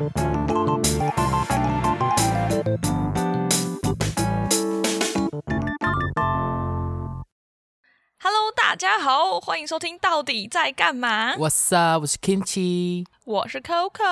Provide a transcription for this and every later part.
Hello，大家好，歡迎收聽《到底在幹嘛》。What's up？我是 Kimchi 我是 Coco。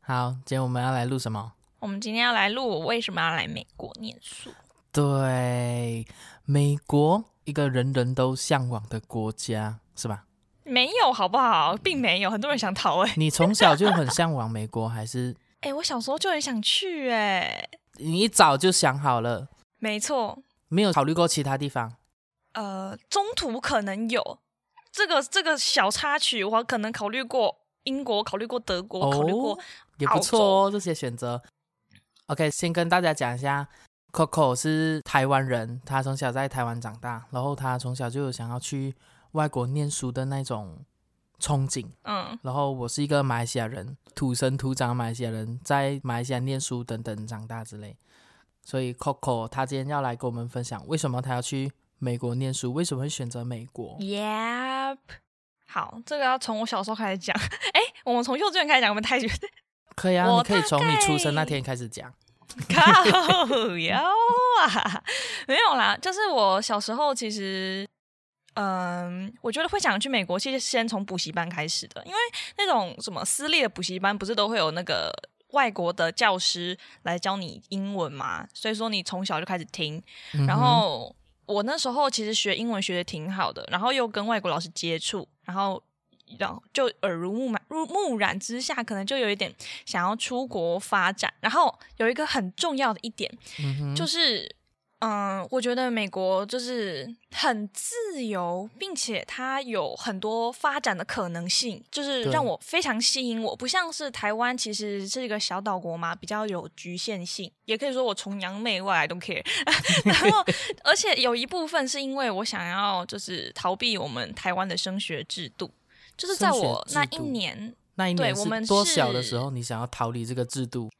好，今天我們要來錄什麼？我們今天要來錄我為什麼要來美國念書。對，美國一個人人都嚮往的國家，是吧？沒有，好不好，並沒有很多人想逃、欸。哎，你從小就很嚮往美國， 還是？哎、欸，我小時候就很想去、欸，哎，你一早就想好了，沒錯，沒有考慮過其他地方。呃，中途可能有這個這個小插曲，我可能考慮過英國，考慮過德國，哦、考慮過，也不錯哦，這些選擇。OK，先跟大家講一下，Coco 是台灣人，他從小在台灣長大，然後他從小就有想要去。外國念書的那種憧憬，嗯，然後我是一個馬來西亞人，土生土長的馬來西亞人，在馬來西亞念書等等長大之類的，所以 Coco 他今天要來跟我們分享，為什麼他要去美國念書，為什麼會選擇美國？Yep，好，這個要從我小時候開始講。哎，我們從幼稚園開始講，我們太覺得可以啊，你可以從你出生那天開始講。靠腰啊， 沒有啦，就是我小時候其實。嗯，我覺得會想去美國，其實先從補習班開始的，因為那種什麼私立的補習班，不是都會有那個外國的教師來教你英文嘛？所以說你從小就開始聽。嗯、哼然後我那時候其實學英文學的挺好的，然後又跟外國老師接觸，然後然後就耳濡目染，濡目染之下，可能就有一點想要出國發展。然後有一個很重要的一點，嗯、哼就是。嗯，我覺得美國就是很自由，並且它有很多發展的可能性，就是讓我非常吸引我。不像是台灣，其實是一個小島國嘛，比較有局限性。也可以說我崇洋媚外，I don't care。 然後，而且有一部分是因為我想要就是逃避我們台灣的升學制度，就是在我那一年。那一年對是多小的時候，你想要逃離這個制度？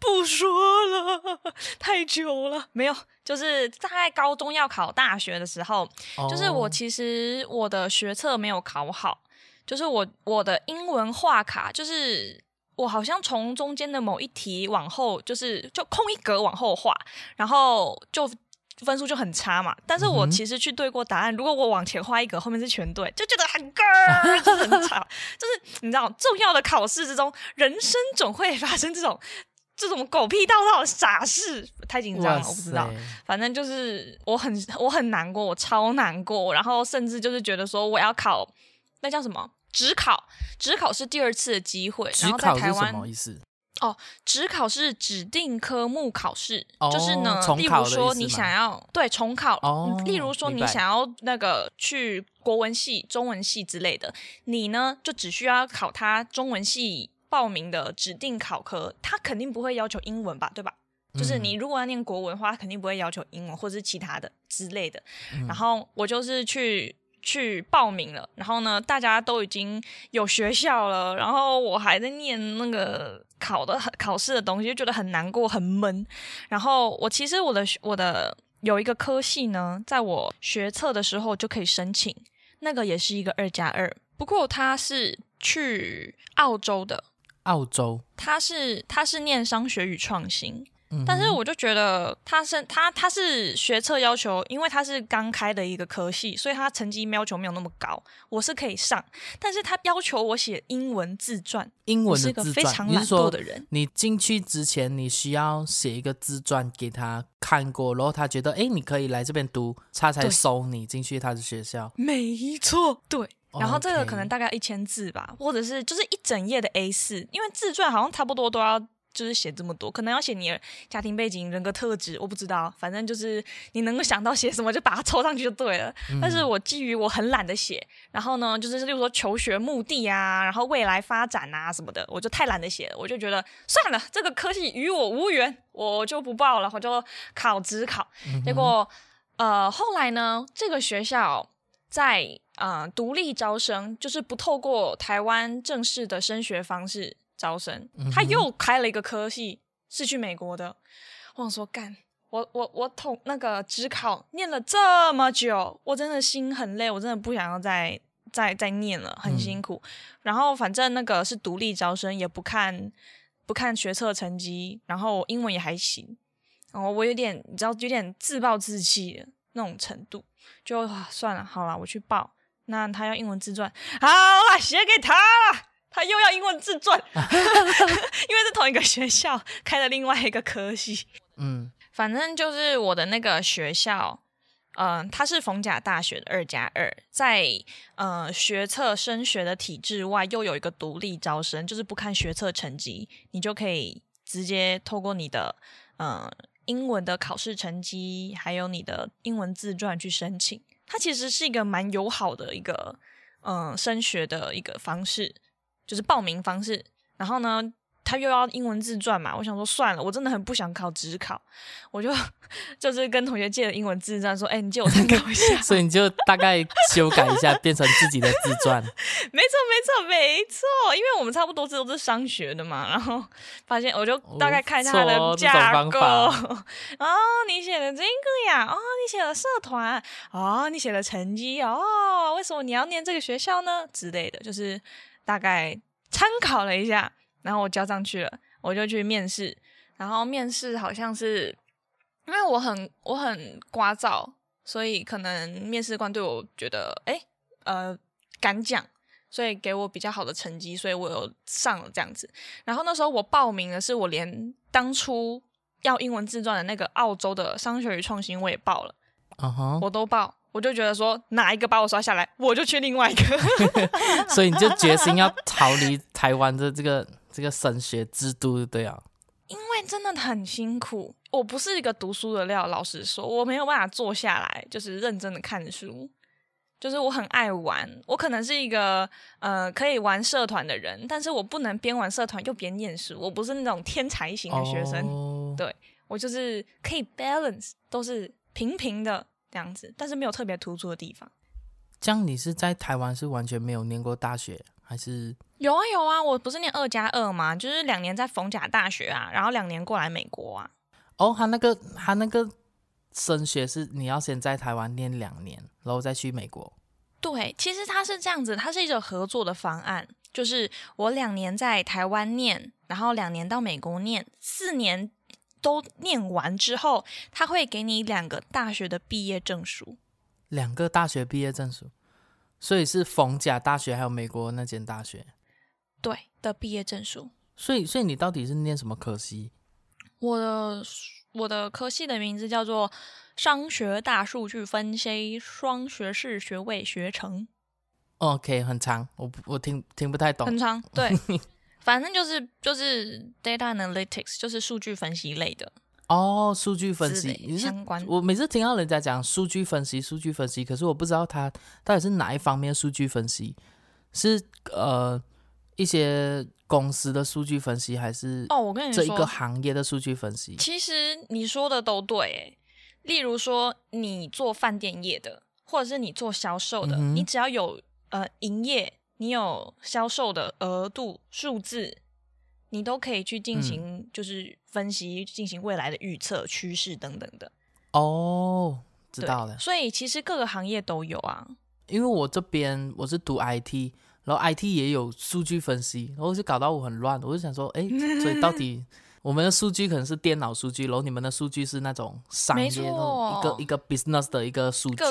不說了，太久了，沒有，就是在高中要考大學的時候，oh. 就是我其實我的學測沒有考好，就是我我的英文畫卡，就是我好像從中間的某一題往後，就是就空一格往後畫，然後就。分數就很差嘛，但是我其實去對過答案，嗯、如果我往前畫一格，後面是全對，就覺得很嗝，就很慘，就是、 就是、你知道，重要的考試之中，人生總會發生這種這種狗屁倒灶的傻事，太緊張了，塞我不知道，反正就是我很我很難過，我超難過，然後甚至就是覺得說我要考那叫什麼，指考指考是第二次的機會，然後在台灣哦，指考是指定科目考試，哦、就是呢，例如說你想要、哦、對重考，哦、例如說你想要那個去國文系、明白、中文系之類的，你呢就只需要考他中文系報名的指定考科，他肯定不會要求英文吧，對吧？嗯、就是你如果要念國文的話，他肯定不會要求英文或者是其他的之類的。嗯、然後我就是去。去報名了，然後呢，大家都已經有學校了，然後我還在念那個考的考試的東西，就覺得很難過很悶。然後我其實我的我的有一個科系呢，在我學測的時候就可以申請，那個也是一個二加二，不過他是去澳洲的。澳洲，他是他是念商學與創新。但是我就覺得他是、嗯、哼他是他，他是學測要求，因為他是剛開的一個科系，所以他成績要求沒有那麼高。我是可以上，但是他要求我寫英文自傳，英文是個非常懶惰的人。你進去之前你需要寫一個自傳給他看過，然後他覺得哎，你可以來這邊讀，他才收你進去他的學校。沒錯，對。Okay. 然後這個可能大概一千字吧，或者是就是一整頁的 A 四，因為自傳好像差不多都要。就是寫這麼多，可能要寫你家庭背景、人格特質，我不知道，反正就是你能夠想到寫什麼就把它抽上去就對了。但是我基於我很懶得寫，嗯、哼然後呢，就是例如說求學目的啊，然後未來發展啊什麼的，我就太懶得寫了，我就覺得算了，這個科系與我無緣，我就不報了，我就考指考。嗯、哼結果，呃，後來呢，這個學校在啊、呃、獨立招生，就是不透過台灣正式的升學方式。招生，他又開了一個科系，是去美國的。我想說幹，我我我統那個指考念了這麼久，我真的心很累，我真的不想要再再再念了，很辛苦。嗯、然後反正那個是獨立招生，也不看不看學測成績，然後英文也還行。然後我有點，你知道，有點自暴自棄的那種程度，就、啊、算了，好了，我去報。那他要英文自傳，好了，寫給他了。他又要英文自傳， 因為是同一個學校開了另外一個科系。嗯，反正就是我的那個學校，嗯、呃，它是逢甲大學的二加二，2, 在嗯、呃、學測升學的體制外，又有一個獨立招生，就是不看學測成績，你就可以直接透過你的嗯、呃、英文的考試成績，還有你的英文自傳去申請。它其實是一個蠻友好的一個嗯、呃、升學的一個方式。就是報名方式，然後呢，他又要英文自傳嘛，我想說算了，我真的很不想考指考，我就就是跟同學借的英文自傳，說，哎、欸，你借我參考一下， 所以你就大概修改一下， 變成自己的自傳。沒錯，沒錯，沒錯，因為我們差不多都是商學的嘛，然後發現我就大概看一下他的架構，哦,哦, 哦，你寫的這個呀，哦，你寫的社團，哦，你寫的成績，哦，為什麼你要念這個學校呢？之類的就是。大概參考了一下，然後我交上去了，我就去面試。然後面試好像是因為我很我很聒噪，所以可能面試官對我覺得哎、欸、呃敢講，所以給我比較好的成績，所以我有上了這樣子。然後那時候我報名的是我連當初要英文自傳的那個澳洲的商學與創新我也報了，啊哈、uh-huh. 我都報。我就覺得說，哪一個把我刷下來，我就去另外一個。 所以你就決心要逃離台灣的這個這個升學制度，對啊？因為真的很辛苦，我不是一個讀書的料，老實說，我沒有辦法坐下來就是認真的看書。就是我很愛玩，我可能是一個呃可以玩社團的人，但是我不能邊玩社團又邊念書。我不是那種天才型的學生，oh. 對，我就是可以 balance，都是平平的。這樣子，但是沒有特別突出的地方。這樣，你是在台灣是完全沒有念過大學，還是？有啊有啊，我不是念二加二嗎？就是兩年在逢甲大學啊，然後兩年過來美國啊。哦，他那個，他那個升學是你要先在台灣念兩年，然後再去美國。對，其實他是這樣子，他是一種合作的方案，就是我兩年在台灣念，然後兩年到美國念，四年。都念完之後，他會給你兩個大學的畢業證書，兩個大學畢業證書，所以是逢甲大學還有美國那間大學，對的畢業證書。所以，所以你到底是念什麼科系？我的我的科系的名字叫做商學大數據分析雙學士學位學程。OK，很長，我我聽聽不太懂，很長，對。 反正就是就是 data analytics，就是數據分析類的。哦，數據分析，的相關。我每次聽到人家講數據分析，數據分析，可是我不知道他到底是哪一方面數據分析，是呃一些公司的數據分析，還是哦我跟你說這一個行業的數據分析。哦，其實你說的都對欸，例如說你做飯店業的，或者是你做銷售的，嗯嗯你只要有呃營業。你有銷售的額度數字，你都可以去進行就是分析、嗯、進行未來的預測、趨勢等等的。哦，知道了。所以其實各個行業都有啊。因為我這邊我是讀 IT，然後 IT 也有數據分析，然後就搞到我很亂。我就想說，哎，所以到底我們的數據可能是電腦數據， 然後你們的數據是那種商業、哦、一個一個 business 的一個數據。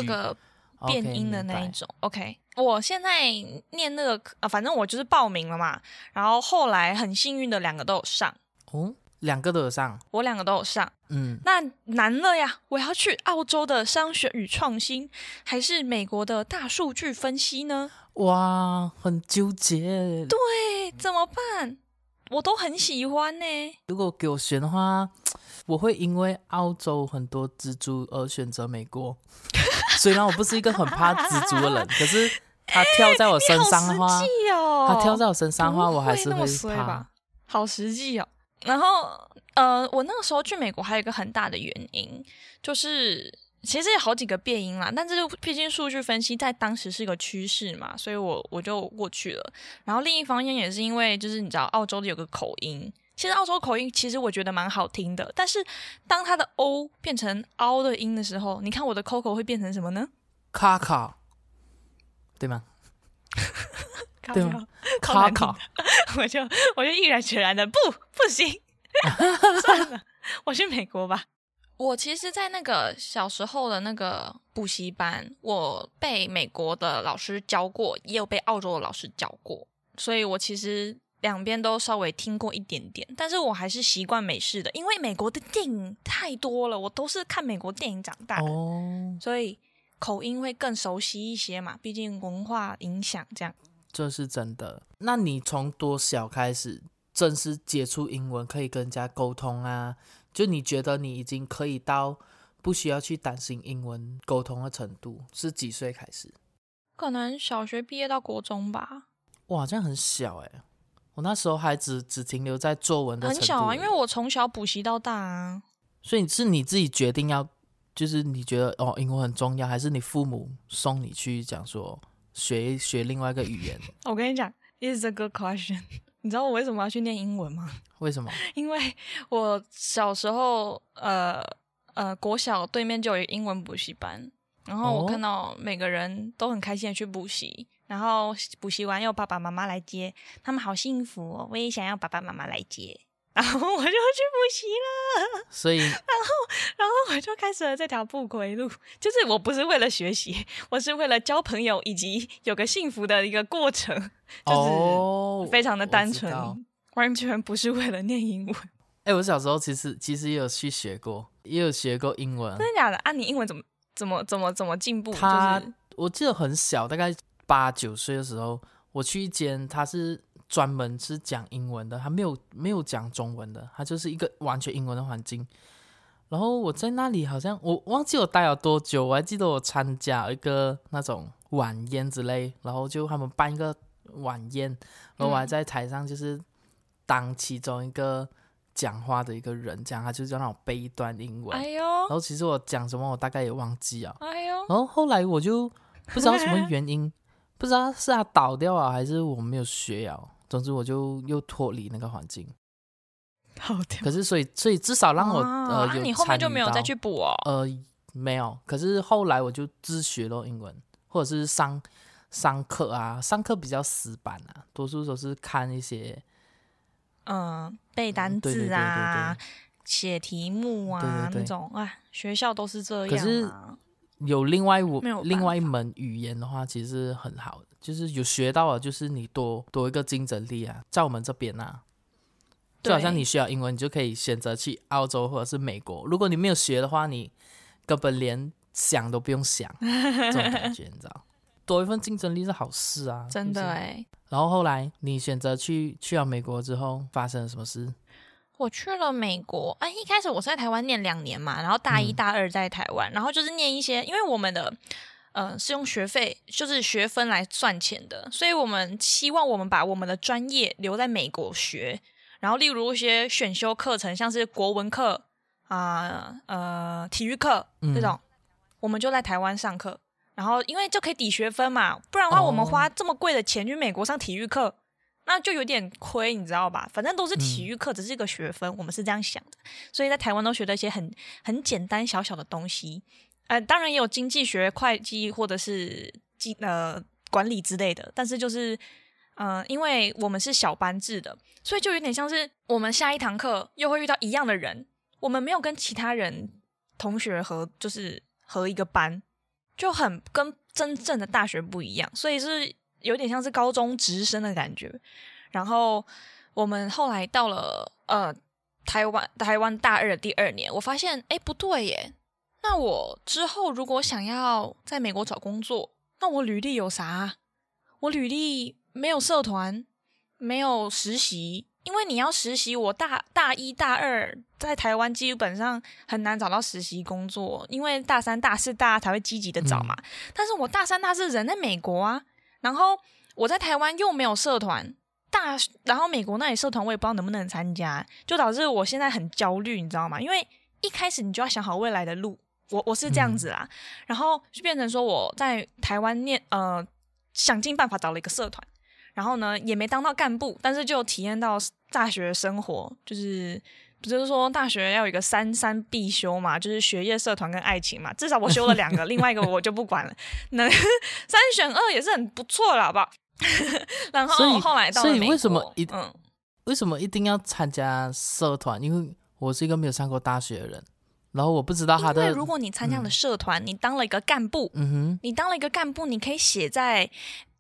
變音的那一種，OK。Okay. 我現在念那個，啊，反正我就是報名了嘛。然後後來很幸運的，兩個都有上。哦，兩個都有上，我兩個都有上。嗯，那難了呀！我要去澳洲的商學與創新，還是美國的大數據分析呢？哇，很糾結。對，怎麼辦？我都很喜歡呢、欸。如果給我選的話。我會因為澳洲很多蜘蛛而選擇美國， 雖然我不是一個很怕蜘蛛的人， 可是它跳在我身上的話，它、欸哦、跳在我身上的話，我還是會怕。好實際哦。然後呃，我那個時候去美國還有一個很大的原因，就是其實有好幾個變因啦，但這就畢竟數據分析在當時是一個趨勢嘛，所以我我就過去了。然後另一方面也是因為就是你知道澳洲的有個口音。其實澳洲口音其實我覺得蠻好聽的，但是當它的 O 變成 O 的音的時候，你看我的 Coco 會變成什麼呢？卡卡，對嗎？ 對嗎？卡卡，好難聽。 我就我就毅然決然的不不行， 算了，我去美國吧。 我其實，在那個小時候的那個補習班，我被美國的老師教過，也有被澳洲的老師教過，所以我其實。兩邊都稍微聽過一點點，但是我還是習慣美式的，因為美國的電影太多了，我都是看美國電影長大的，哦、所以口音會更熟悉一些嘛，畢竟文化影響這樣。這是真的。那你從多小開始正式接觸英文，可以跟人家溝通啊？就你覺得你已經可以到不需要去擔心英文溝通的程度，是幾歲開始？可能小學畢業到國中吧。哇，這樣很小哎、欸。我那時候還只只停留在作文的很小啊，因為我從小補習到大啊。所以是你自己決定要，就是你覺得哦，英文很重要，還是你父母送你去講說學學另外一個語言？ 我跟你講，It's a good question。你知道我為什麼要去念英文嗎？為什麼？ 因為我小時候呃呃國小對面就有英文補習班，然後我看到每個人都很開心的去補習。然後補習完，又爸爸媽媽來接，他們好幸福哦！我也想要爸爸媽媽來接，然後我就去補習了。所以，然後，然後我就開始了這條不歸路，就是我不是為了學習，我是為了交朋友以及有個幸福的一個過程，就是非常的單純，哦、我完全不是為了念英文。哎、欸，我小時候其實其實也有去學過，也有學過英文。真的假的？啊，你英文怎麼怎麼怎麼怎麼進步？他，就是、我記得很小，大概。八九歲的時候，我去一間，他是專門是講英文的，他沒有沒有講中文的，他就是一個完全英文的環境。然後我在那裡，好像我忘記我待了多久，我還記得我參加一個那種晚宴之類，然後就他們辦一個晚宴，然後我還在台上就是當其中一個講話的一個人，講他就是要那種背段英文。哎呦，然後其實我講什麼，我大概也忘記啊。哎呦，然後後來我就不知道什麼原因。 不知道是它倒掉啊，還是我沒有學啊？總之我就又脫離那個環境，好可是所以所以至少讓我呃，你後面就沒有再去補哦？呃，沒有。可是後來我就自學咯，英文或者是上上課啊，上課比較死板啊，多數都是看一些嗯背單詞啊、寫題目啊那種啊，學校都是這樣有另外五，另外一門語言的話，其實是很好的，就是有學到了，就是你多多一個競爭力啊，在我們這邊吶、啊，就好像你需要英文，對你就可以選擇去澳洲或者是美國。如果你沒有學的話，你根本連想都不用想，這種感覺， 你知道？多一份競爭力是好事啊，真的哎。然後後來你選擇去去了美國之後，發生了什麼事？我去了美國，哎、啊，一開始我是在台灣念兩年嘛，然後大一、大二在台灣，嗯、然後就是念一些，因為我們的，嗯、呃，是用學費就是學分來賺錢的，所以我們希望我們把我們的專業留在美國學，然後例如一些選修課程，像是國文課啊、呃、呃體育課、嗯、這種，我們就在台灣上課，然後因為就可以抵學分嘛，不然的話我們花這麼貴的錢去美國上體育課。哦那就有點虧，你知道吧？反正都是體育課，只是一個學分，嗯、我們是這樣想的。所以在台灣都學了一些很很簡單小小的東西，呃，當然也有經濟學會計或者是呃管理之類的。但是就是，嗯、呃，因為我們是小班制的，所以就有點像是我們下一堂課又會遇到一樣的人，我們沒有跟其他人同學合就是合一個班，就很跟真正的大學不一樣，所以、就是。有點像是高中直升的感覺，然後我們後來到了呃台灣台灣大二的第二年，我發現誒、欸、不對耶，那我之後如果想要在美國找工作，那我履歷有啥？我履歷沒有社團，沒有實習，因為你要實習，我大大一大二在台灣基本上很難找到實習工作，因為大三大四大家才會積極的找嘛、啊，嗯、但是我大三大四人在美國啊。然後我在台灣又沒有社團大，然後美國那裡社團我也不知道能不能參加，就導致我現在很焦慮，你知道嗎？因為一開始你就要想好未來的路，我我是這樣子啦，嗯、然後就變成說我在台灣念呃，想盡辦法找了一個社團，然後呢也沒當到幹部，但是就體驗到大學生活，就是。就是說大學要有一個三三必修嘛，就是學業、社團跟愛情嘛。至少我修了兩個， 另外一個我就不管了。那 三選二也是很不錯了，好不好？ 然後後來到了美國，所以，所以為什麼一、嗯、為什麼一定要參加社團？因為我是一個沒有上過大學的人，然後我不知道他的。因為如果你參加了社團，嗯、你當了一個幹部，嗯哼，你當了一個幹部，你可以寫在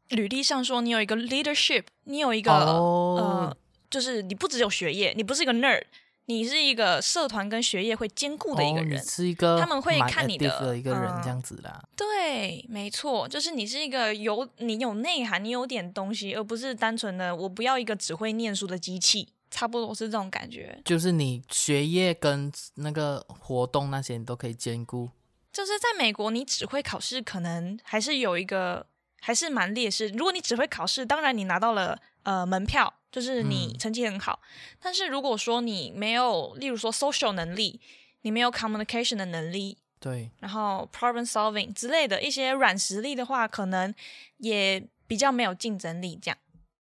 履歷上說你有一個 leadership，你有一個、哦、呃，就是你不只有學業，你不是一個 nerd。你是一個社團跟學業會兼顧的一個人，哦、是一個他們會看你的一個人，這樣子啦、嗯。對，沒錯，就是你是一個有你有內涵，你有點東西，而不是單純的我不要一個只會念書的機器，差不多是這種感覺。就是你學業跟那個活動那些你都可以兼顧。就是在美國，你只會考試，可能還是有一個還是蠻劣勢。如果你只會考試，當然你拿到了呃門票。就是你成績很好，嗯、但是如果說你沒有，例如說 social 能力，你沒有 communication 的能力，對，然後 problem solving 之類的一些軟實力的話，可能也比較沒有競爭力。這樣，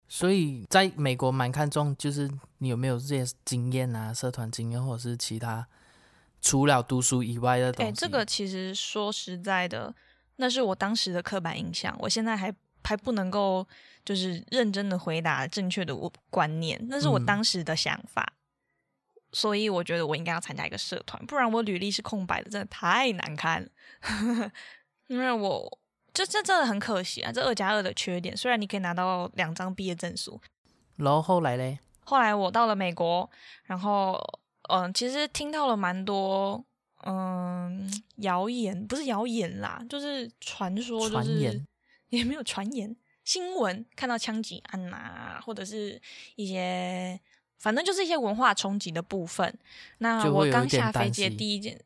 所以在美國蠻看重就是你有沒有這些經驗啊，社團經驗，或者是其他除了讀書以外的東西。欸、這個其實說實在的，那是我當時的刻板印象，我現在還。還不能夠就是認真的回答正確的觀念，那是我當時的想法。嗯、所以我覺得我應該要參加一個社團，不然我履歷是空白的，真的太難看了。 因為我這這真的很可惜啊，這二加二的缺點，雖然你可以拿到兩張畢業證書。然後後來嘞？後來我到了美國，然後嗯，其實聽到了蠻多嗯謠言，不是謠言啦，就是傳說、就是，傳言。也沒有傳言，新聞看到槍擊案啊，或者是一些，反正就是一些文化衝擊的部分。那我剛下飛機的第一件，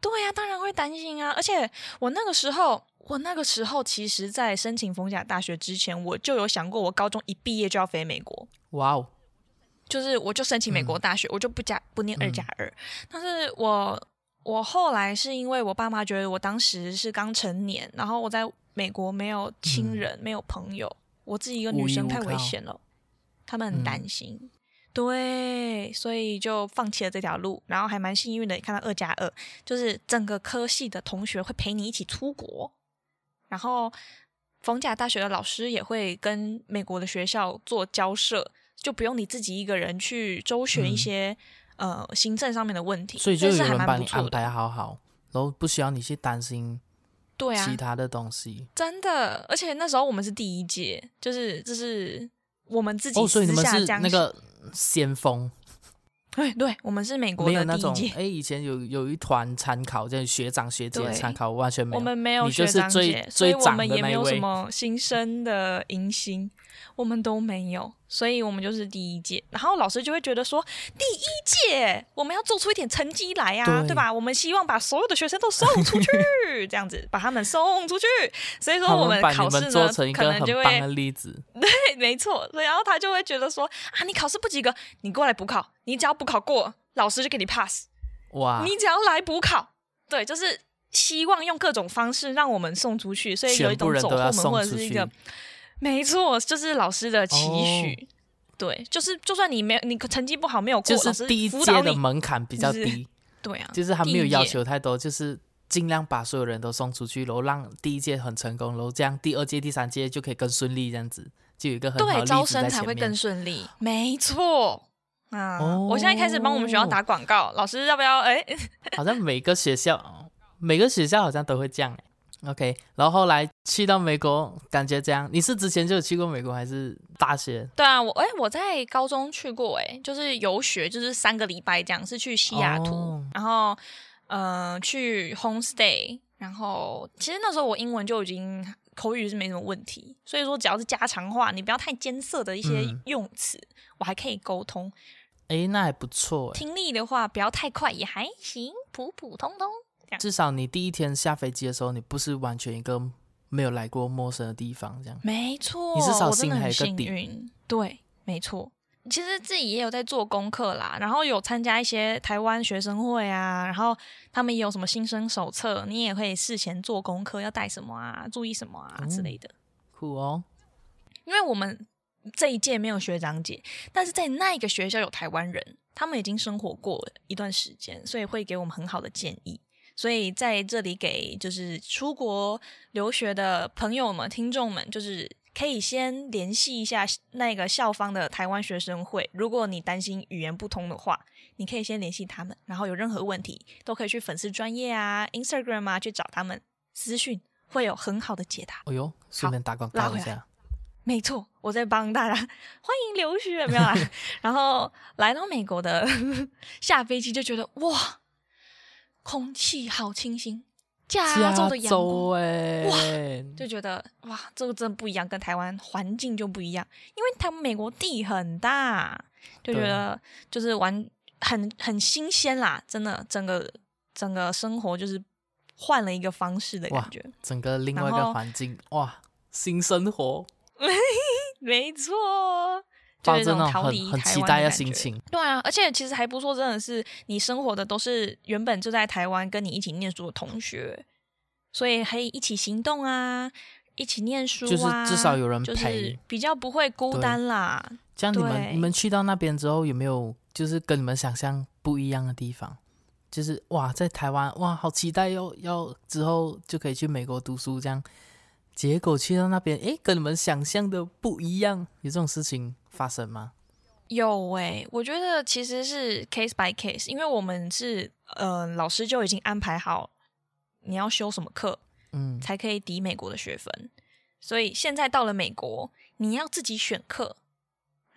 對呀，當然會擔心啊。而且我那個時候，我那個時候，其實在申請逢甲大學之前，我就有想過，我高中一畢業就要飛美國。哇哦 Wow！就是我就申請美國大學，嗯、我就不加不念二加二。嗯、但是我我後來是因為我爸媽覺得我當時是剛成年，然後我在。美國沒有親人，嗯、沒有朋友，我自己一個女生太危險了，無依無靠，他們很擔心，嗯、對，所以就放棄了這條路。然後還蠻幸運的，看到二加二，2，就是整個科系的同學會陪你一起出國，然後逢甲大學的老師也會跟美國的學校做交涉，就不用你自己一個人去周旋一些、嗯、呃，行政上面的問題，所以就有人把安排好好，然後不需要你去擔心。對啊，其他的東西真的，而且那時候我們是第一屆，就是就是我們自己私下、哦，所以你們是那個先鋒。 對，對我們是美國的第一屆。沒有那種，哎、欸，以前有有一團參考，就是學長學姐參考，對完全沒有，我們沒有學長姐，追，所以我們也沒有什麼新生的迎新。 我們都沒有，所以我們就是第一屆。然後老師就會覺得說，第一屆我們要做出一點成績來呀、啊，對，對吧？我們希望把所有的學生都送出去， 這樣子把他們送出去。所以說我們考試呢，可能就會，他們把你們做成一個很棒的例子。對，沒錯。然後他就會覺得說，啊，你考試不及格，你過來補考，你只要補考過，老師就給你 pass。哇！你只要來補考，對，就是希望用各種方式讓我們送出去。所以有一種人走後門，或者是一個。沒錯，就是老師的期許，哦、對，就是就算你沒你成績不好沒有過，就是第一屆的門檻比較低，就是，對啊，就是他沒有要求太多，就是盡量把所有人都送出去，然後讓第一屆很成功，然後這樣第二屆、第三屆就可以更順利，這樣子就有一個很好的，對，招生才會更順利，沒錯啊。嗯哦、我現在開始幫我們學校打廣告，老師要不要？哎，好像每個學校 每個學校好像都會這樣哎。OK，然後後來去到美國，感覺怎樣？你是之前就有去過美國，還是大學？對啊，我哎、欸，我在高中去過誒、欸，就是遊學，就是三個禮拜這樣，是去西雅圖，哦、然後、呃、去 homestay，然後其實那時候我英文就已經口語是沒什麼問題，所以說只要是家常話，你不要太艱澀的一些用詞，嗯、我還可以溝通。誒、欸，那還不錯、欸、聽力的話不要太快，也還行，普普通通。至少你第一天下飛機的時候，你不是完全一個沒有來過陌生的地方，這樣沒錯。你至少心裡有個底，我真的很幸運，對，沒錯。其實自己也有在做功課啦，然後有參加一些台灣學生會啊，然後他們也有什麼新生手冊，你也可以事前做功課，要帶什麼啊，注意什麼啊、嗯、之類的。酷哦，因為我們這一屆沒有學長姐，但是在那一個學校有台灣人，他們已經生活過一段時間，所以會給我們很好的建議。所以在這裡給就是出國留學的朋友們、聽眾們，就是可以先聯繫一下那個校方的台灣學生會。如果你擔心語言不通的話，你可以先聯繫他們，然後有任何問題都可以去粉絲專業啊、Instagram 啊，去找他們私訊，會有很好的解答。哦喲呦順好便打廣告一下，沒錯，我在幫大家，歡迎留學， 沒有？然後來到美國的， 下飛機就覺得哇。空氣好清新，加州的陽光。哎，哇，就覺得哇，這個真的不一樣，跟台灣環境就不一樣。因為他們美國地很大，就覺得就是玩很很新鮮啦，真的，整個整個生活就是換了一個方式的感覺，整個另外一個環境後哇，新生活，沒，沒錯。這種很期待的心情，對啊，而且其實還不錯，真的是你生活的都是原本就在台灣跟你一起念書的同學，所以可以一起行動啊，一起念書啊，就是至少有人陪，就是比較不會孤單啦。這樣你們對你們去到那邊之後有沒有就是跟你們想象不一樣的地方？就是哇，在台灣哇，好期待哦，要，要之後就可以去美國讀書這樣，結果去到那邊哎，跟你們想象的不一樣，有這種事情。發生嗎？有喂、欸，我覺得其實是 case by case，因為我們是呃老師就已經安排好你要修什麼課，嗯，才可以抵美國的學分，所以現在到了美國，你要自己選課。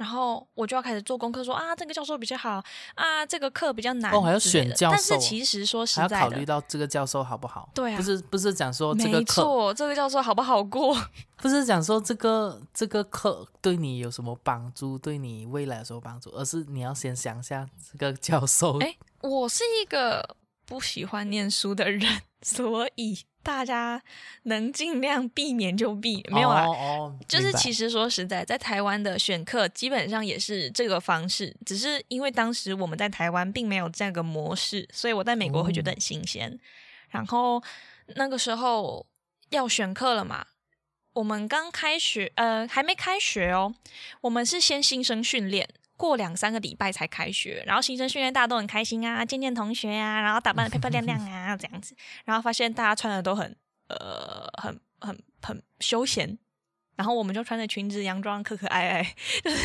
然後我就要開始做功課說，說啊，這個教授比較好啊，這個課比較難，哦，還要選教授。但是其實說實在的，還要考慮到這個教授好不好？對啊，不是不是講說這個課沒錯，這個教授好不好過？不是講說這個這個課對你有什麼幫助，對你未來有什麼幫助，而是你要先想一下這個教授。哎，我是一個。不喜歡念書的人，所以大家能盡量避免就避。沒有啊，oh, oh, oh, 就是其實說實在，明白。在台灣的選課基本上也是這個方式，只是因為當時我們在台灣並沒有這個模式，所以我在美國會覺得很新鮮。嗯。然後那個時候要選課了嘛，我們剛開學，呃，還沒開學哦，我們是先新生訓練。過兩三個禮拜才開學，然後新生訓練大家都很開心啊，見見同學啊，然後打扮的漂漂亮亮啊， 這樣子，然後發現大家穿的都很呃很很很,很休閒，然後我們就穿着裙子、洋裝，可可愛愛，就是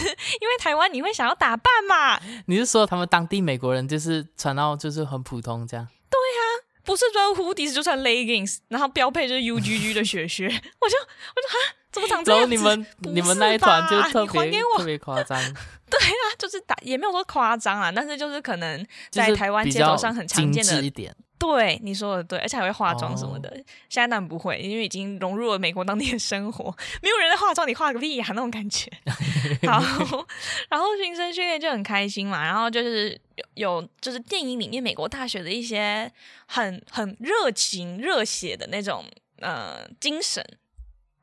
因為台灣你會想要打扮嘛？你是說他們當地美國人就是穿到就是很普通這樣？對啊，不是穿 hoodie 就穿 leggings，然後標配就是 UGG 的雪靴， 我就我就哈。怎麼長這然後你們吧你們那一團就特別還給我特別誇張， 對啊，就是打也沒有說誇張啊，但是就是可能在台灣街頭上很常見的，一點對你說的對，而且還會化妝什麼的，哦、現在但不會，因為已經融入了美國當地的生活，沒有人在化妝，你化個屁啊那種感覺。好 然後新生訓練就很開心嘛，然後就是有,有就是電影裡面美國大學的一些很很熱情熱血的那種呃精神。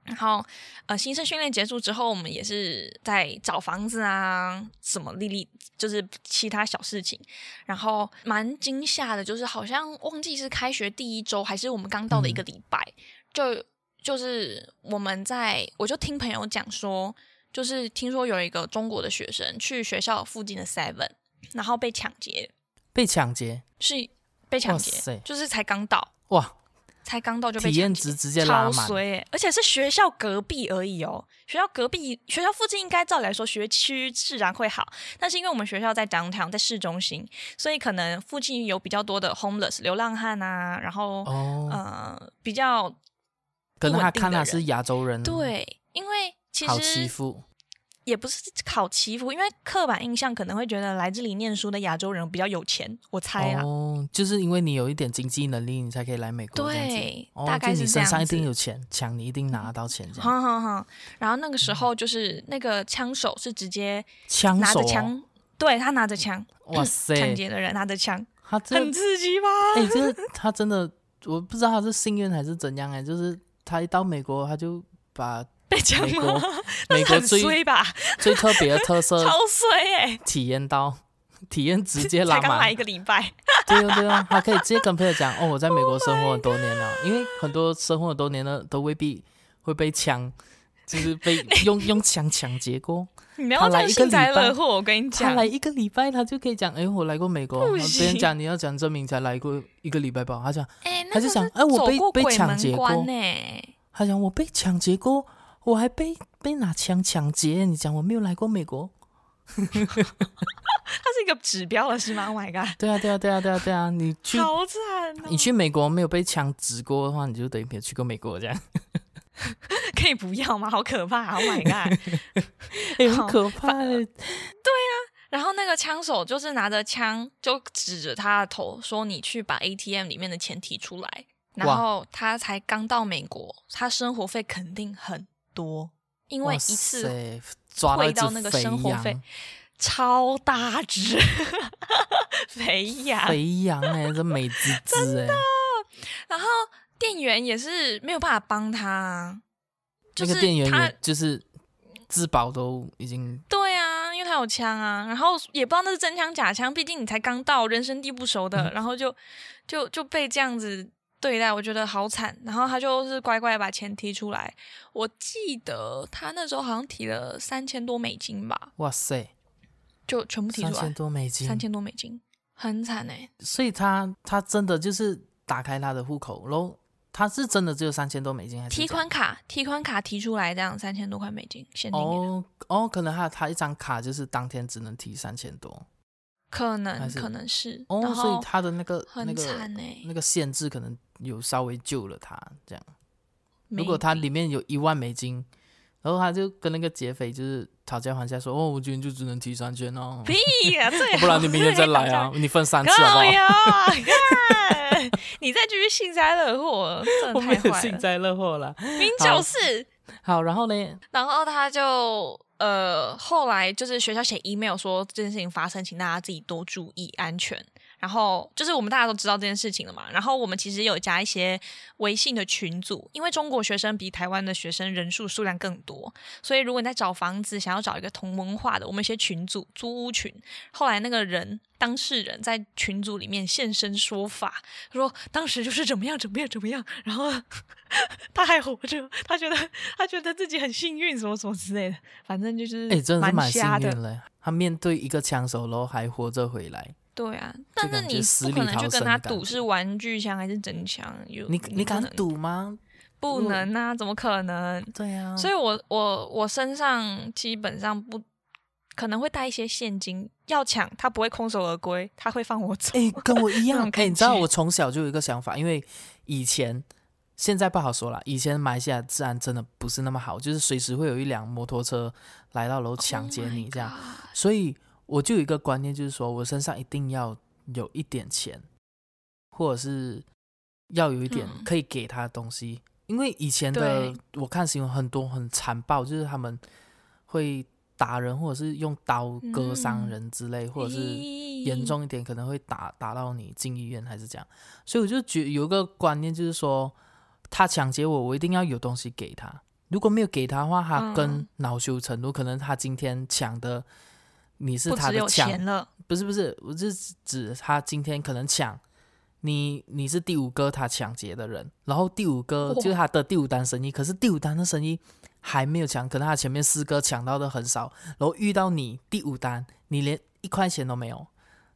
然後，呃，新生訓練結束之後，我們也是在找房子啊，什麼麗麗，就是其他小事情。然後蠻驚嚇的，就是好像忘記是開學第一周還是我們剛到的一個禮拜，嗯、就就是我們在，我就聽朋友講說，就是聽說有一個中國的學生去學校附近的 Seven，然後被搶劫，被搶劫，是被搶劫，塞就是才剛到，哇。才剛到就被搶，體驗值直接拉滿，而且是學校隔壁而已哦。學校隔壁，學校附近，應該照理來說學區自然會好，但是因為我們學校在 downtown，在市中心，所以可能附近有比較多的 homeless 流浪漢啊，然後，oh, 呃比較可能他看他是亞洲人，對，因為其實，好欺負。也不是好欺負，因為刻板印象可能會覺得來這裡念書的亞洲人比較有錢，我猜哦，就是因為你有一點經濟能力，你才可以來美國。對，哦、大概是就你身上一定有錢，搶、嗯、你一定拿得到錢。好、嗯、好好，然後那個時候就是那個槍手是直接槍拿着槍，嗯、對他拿着槍，哇塞，搶、嗯、劫的人拿着槍，他很刺激吧？哎、欸，這個、他真的， 我不知道他是幸運還是怎樣哎、欸，就是他一到美國他就把。美國，美國最吧，最特別的特色超衰哎！體驗到體驗直接拉滿，剛來一個禮拜，對呀對呀，他可以直接跟朋友講哦，我在美國生活很多年了，因為很多生活很多年的都未必會被搶，就是被用用搶搶劫過。他來一個禮拜，我跟你講，他來一個禮拜，他就可以講哎，我來過美國。別人講你要講證明才來過一個禮拜吧，他講哎，他就講哎，我被被搶劫過呢。他講我被搶劫過。我還被被拿槍搶劫，你講我沒有來過美國，它 是一個指標了是嗎？oh、My God，對啊對啊對啊對啊對啊，對啊對啊對啊 你去好慘、哦，你去美國沒有被槍指過的話，你就等於沒去過美國這樣， 可以不要嗎？好可怕、啊 oh、，My God，好、 欸、可怕好，對啊。然後那個槍手就是拿着槍就指着他的頭說：“你去把 ATM 裡面的錢提出來。”然後他才剛到美國，哇他生活費肯定很。多，因為一次抓到那個生活費，超大只 肥羊、肥羊哎、欸，這美滋滋的。然後店員也是沒有辦法幫他，這個店員就是自保都已經 對啊，因為他有槍啊，然後也不知道那是真槍假槍，畢竟你才剛到，人生地不熟的，然後就 就就被這樣子。對，對，我覺得好慘，然後他就是乖乖把錢提出來。我記得他那時候好像提了三千多美金吧。哇塞，就全部提出來。三千多美金，三千多美金，很慘哎、欸。所以他他真的就是打開他的戶口，然後他是真的只有三千多美金，還是提款卡？提款卡提出來這樣三千多塊美金限定的。哦哦，可能他有一張卡就是當天只能提三千多，可能是可能是。後哦，所以他的那個很慘個、欸、那個限制可能。有稍微救了他這樣，如果他裡面有一萬美金，沒然後他就跟那個劫匪就是討價還價說：“哦，我今天就只能提三千哦。”屁啊！對！ 我不然你明天再來啊，你分三次啊！看 你再繼續幸災樂禍，真的太幸災樂禍了。明就是好，然後呢？然後他就呃，後來就是學校寫 email 說這件事情發生，請大家自己多注意安全。然後就是我們大家都知道這件事情了嘛。然後我們其實有加一些微信的群組，因為中國學生比台灣的學生人數數量更多，所以如果你在找房子，想要找一個同文化的，我們一些群組、租屋群。後來那個人當事人在群組裡面現身說法，他說當時就是怎麼樣怎麼樣怎麼樣，然後呵呵他還活着，他覺得他覺得自己很幸運，什麼什麼之類的，反正就是哎、欸，真的是蠻幸運的。他面對一個槍手然後還活着回來。對啊，但是你不可能就跟他賭是玩具槍還是真槍，有你你敢賭嗎？不能啊，怎麼可能？對啊，所以我我我身上基本上不可能會帶一些現金，要搶他不會空手而歸，他會放我走。欸、跟我一樣、 欸，你知道我從小就有一個想法，因為以前現在不好說了，以前馬來西亞治安真的不是那麼好，就是隨時會有一輛摩托車來到樓搶劫你這樣，oh、所以。我就有一個觀念，就是說我身上一定要有一點錢，或者是要有一點可以給他的東西。嗯、因為以前的對我看新聞很多很殘暴，就是他們會打人，或者是用刀割傷人之類，嗯、或者是嚴重一點可能會打打到你進醫院還是這樣。所以我就覺有一個觀念，就是說他搶劫我，我一定要有東西給他。如果沒有給他的話，他更惱羞成怒，嗯、可能他今天搶的。你是他的搶，不，了不是不是，我是指他今天可能搶你，你是第五個他搶劫的人，然後第五個就是他的第五單生意，哦、可是第五單的生意還沒有搶，可能他前面四個搶到的很少，然後遇到你第五單，你連一塊錢都沒有，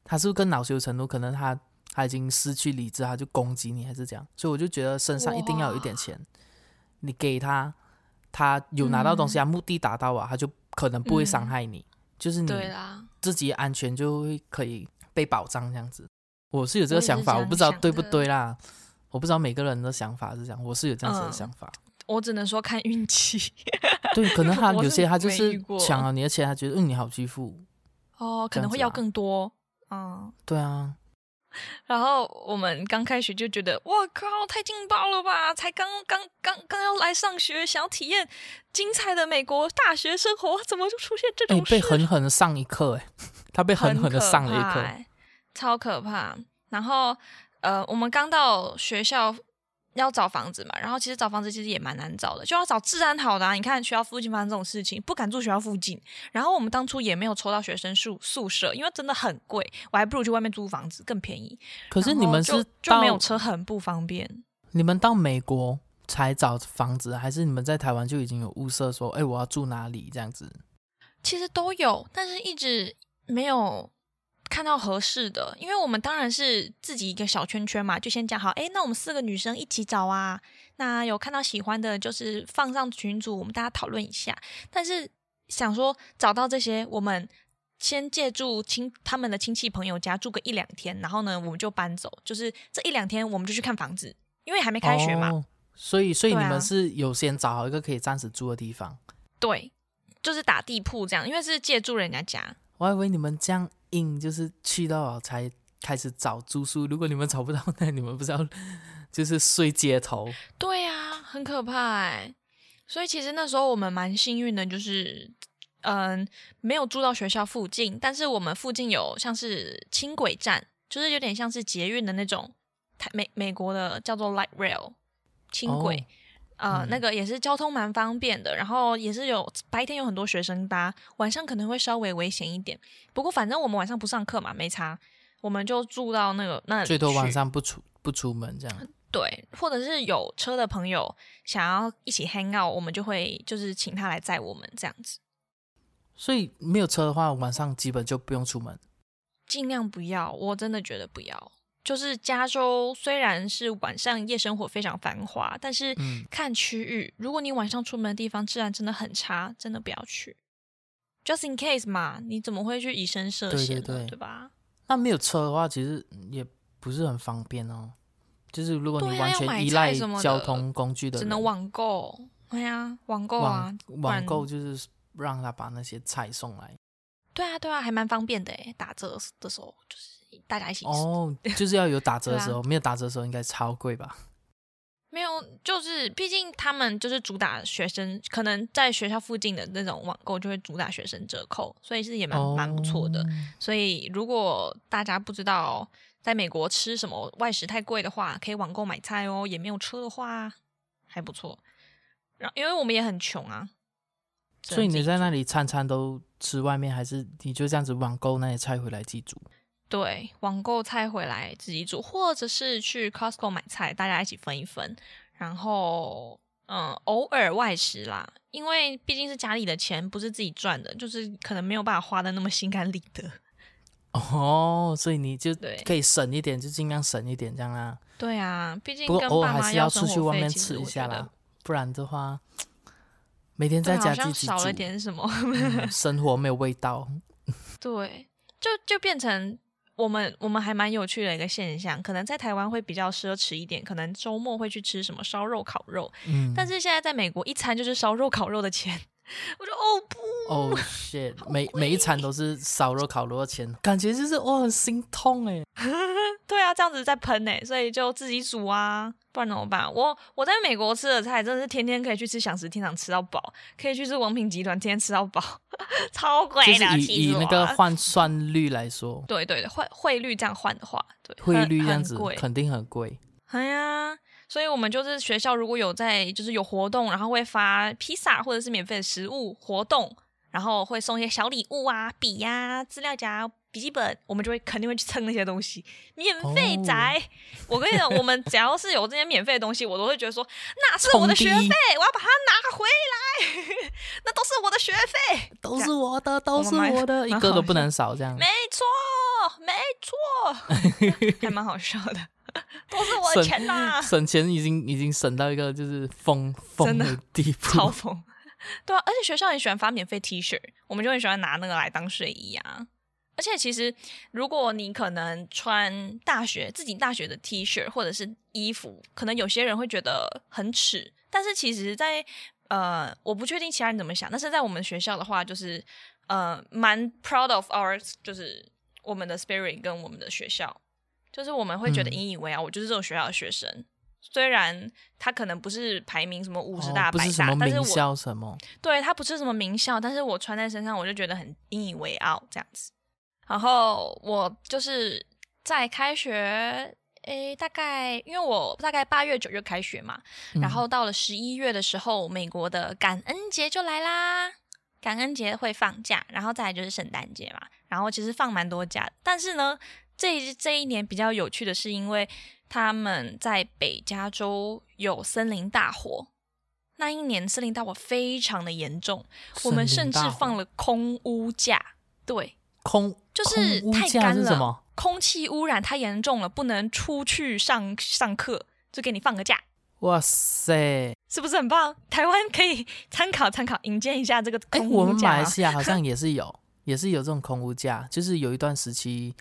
他是不是更惱羞成怒？可能他他已經失去理智，他就攻擊你還是這樣？所以我就覺得身上一定要有一點錢，哇你給他，他有拿到東西啊，嗯、他目的達到啊，他就可能不會傷害你。嗯就是你自己安全就會可以被保障這樣子，啦我是有這個想法，我，想我不知道對不對啦，嗯、我不知道每個人的想法是這樣，我是有這樣子的想法，我只能說看運氣。對，可能他有些他就是搶了你的錢， 他覺得嗯你好欺負，啊、哦，可能會要更多，嗯、哦，對啊。然後我們剛開學就覺得，我靠，太勁爆了吧！才剛剛剛剛要來上學，想要體驗精彩的美國大學生活，怎麼就出現這種事？被狠狠的上一課，哎，他被狠狠的上了一課，超可怕。然後，呃，我們剛到學校。要找房子嘛，然後其實找房子其實也蠻難找的，就要找治安好的啊。你看學校附近發生這種事情，不敢住學校附近。然後我們當初也沒有抽到學生宿宿舍，因為真的很貴，我還不如去外面租房子更便宜。可是你們是就，就沒有車，很不方便。你們到美國才找房子，還是你們在台灣就已經有物色說，哎、欸，我要住哪裡這樣子？其實都有，但是一直沒有看到合適的，因為我們當然是自己一個小圈圈嘛就先講好。誒，那我們四個女生一起找啊。那有看到喜歡的，就是放上群組，我們大家討論一下。但是想說找到這些，我們先借住親他們的親戚朋友家住個一兩天，然後呢，我們就搬走。就是這一兩天，我們就去看房子，因為還沒開學嘛。哦，所以，所以你們是有先找好一個可以暫時住的地方。對，就是打地鋪這樣，因為是借住人家家。我還以為你們這樣。硬就是去到才開始找住宿，如果你們找不到，那你們不知道就是睡街頭。對呀、啊，很可怕、欸。所以其實那時候我們蠻幸運的，就是嗯，沒有住到學校附近，但是我們附近有像是輕軌站，就是有點像是捷運的那種，美美國的叫做 light rail 輕軌。哦啊、呃，那個也是交通蠻方便的，然後也是有白天有很多學生搭，晚上可能會稍微危險一點。不過反正我們晚上不上課嘛，沒差，我們就住到那個那裡。最多晚上不出不出門這樣。對，或者是有車的朋友想要一起 hang out，我們就會就是請他來載我們這樣子。所以沒有車的話，晚上基本就不用出門。尽量不要，我真的覺得不要。就是加州雖然是晚上夜生活非常繁華，但是看區域，嗯、如果你晚上出門的地方治安真的很差，真的不要去。Just in case 嘛，你怎麼會去以身涉險，對，對，對，對吧？那沒有車的話，其實也不是很方便哦。就是如果你完全依賴交通工具的、對啊的，只能網購。對啊，網購啊，網購就是讓他把那些菜送來。對啊，對啊，還蠻方便的哎、欸，打折的時候就是。大家一起吃哦，就是要有打折的時候， 啊、沒有打折的時候應該超貴吧？沒有，就是畢竟他們就是主打學生，可能在學校附近的那種網購就會主打學生折扣，所以是也蠻蠻不錯的。哦、所以如果大家不知道、哦、在美國吃什麼外食太貴的話，可以網購買菜哦，也沒有車的話還不錯。然因為我們也很窮啊，所以你在那裡餐餐都吃外面，還是你就這樣子網購那些菜回來自己煮？對，網購菜回來自己煮，或者是去 Costco 買菜，大家一起分一分。然後，嗯，偶爾外食啦，因為畢竟是家裡的錢，不是自己賺的，就是可能沒有辦法花得那麼心安理得。哦，所以你就可以省一點，對就儘量省一點這樣啦，啊。對啊，畢竟跟爸媽要出，哦、去外面吃一下啦，不然的話，每天在家自己少了點什麼， 嗯，生活沒有味道。對，就就變成。我們我們還蠻有趣的一個現象，可能在台灣會比較奢侈一點，可能週末會去吃什麼燒肉、烤肉，嗯，但是現在在美國，一餐就是燒肉、烤肉的錢。我就哦不哦、oh, shit，每貴每一餐都是燒肉烤肉的錢，就感覺就是哇、哦、很心痛哎。 對啊，這樣子在噴哎，所以就自己煮啊，不然怎麼辦？我我在美國吃的菜真的是天天可以去吃，饗食天堂吃到飽，可以去吃王品集團天天吃到飽， 超貴的。以其實以那個換算率來說，對，對對，匯匯率這樣換的話，對匯率這樣子貴肯定很貴。哎呀、啊。所以我們就是學校，如果有在就是有活動，然後會發披薩或者是免費的食物活動，然後會送一些小禮物啊，筆呀、啊、資料夾、筆記本，我們就會肯定會去蹭那些東西。免費宅，哦、我跟你講，我們只要是有這些免費的東西， 我都會覺得說那是我的學費，我要把它拿回來， 那都是我的學費，都是我的，都是我的，一個都不能少，這樣。沒錯，沒錯， 還蠻好笑的。都是我的錢吶、啊！省錢已經已經省到一個就是瘋瘋的地步，超瘋。對啊，而且學校也喜歡發免費 T 恤，我們就很喜歡拿那個來當睡衣啊。而且其實，如果你可能穿大學自己大學的 T 恤或者是衣服，可能有些人會覺得很恥，但是其實在，在呃，我不確定其他人怎麼想，但是在我們學校的話，就是呃，蠻 proud of our，就是我們的 spirit 跟我們的學校。就是我們會覺得引以為傲，嗯、我就是這種學校的學生，雖然他可能不是排名什麼五十大、百大，但是我什麼，對，他不是什麼名校，但是我穿在身上，我就覺得很引以為傲這樣子。然後我就是在開學，哎，大概因為我大概八月九月就開學嘛，嗯、然後到了十一月的時候，美國的感恩節就來啦，感恩節會放假，然後再來就是聖誕節嘛，然後其實放蠻多假，但是呢。這一這一年比較有趣的是，因為他們在北加州有森林大火，那一年森林大火非常的嚴重，我們甚至放了空屋假。對，空，空就是太乾了，什麼空氣污染太嚴重了，不能出去上上課，就給你放個假。哇塞，是不是很棒？台灣可以參考參考，引進一下這個空屋假。空、欸、我們馬來西亞好像也是有， 也是有這種空屋假，就是有一段時期。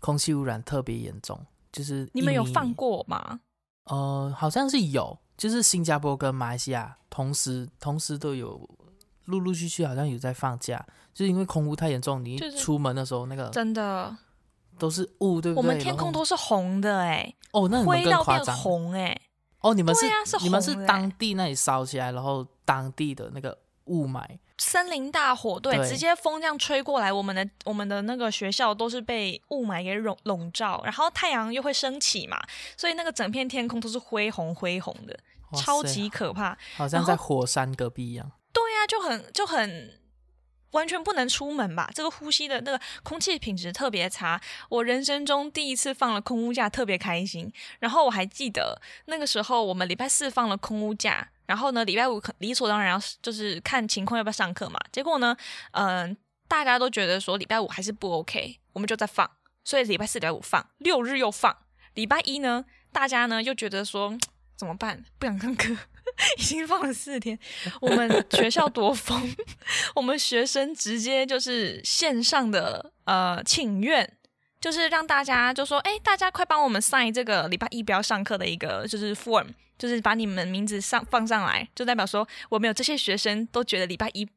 空氣污染特別嚴重，就是你們有放過嗎、呃？好像是有，就是新加坡跟馬來西亞同時同時都有陸陸續續好像有在放假，就是因為空污太嚴重，你出門的時候那個真的都是霧，對不對？我們天空都是紅的、欸，哎，哦，那你們更誇張，紅、欸，哎，哦，你們是，、啊是欸、你們是當地那裡燒起來，然後當地的那個霧霾。森林大火，對，對直接風這樣吹過來，我們的我們的那個學校都是被霧霾給籠籠罩，然後太陽又會升起嘛，所以那個整片天空都是灰紅灰紅的，啊，超級可怕，好像在火山隔壁一樣。對呀，啊，就很就很完全不能出門吧，這個呼吸的那個空氣品質特別差。我人生中第一次放了空污假，特別開心。然後我還記得那個時候，我們禮拜四放了空污假，然後呢，禮拜五可理所當然要就是看情況要不要上課嘛。結果呢，嗯、呃，大家都覺得說禮拜五還是不 OK，我們就在放。所以禮拜四、禮拜五放，六日又放。禮拜一呢，大家呢又覺得說怎麼辦？不想上課，已經放了四天，我們學校多瘋， 我們學生直接就是線上的呃請願，就是讓大家就說，哎，大家快幫我們 sign 這個禮拜一不要上課的一個就是 form。就是把你們名字上放上來，就代表說我們有這些學生都覺得禮拜一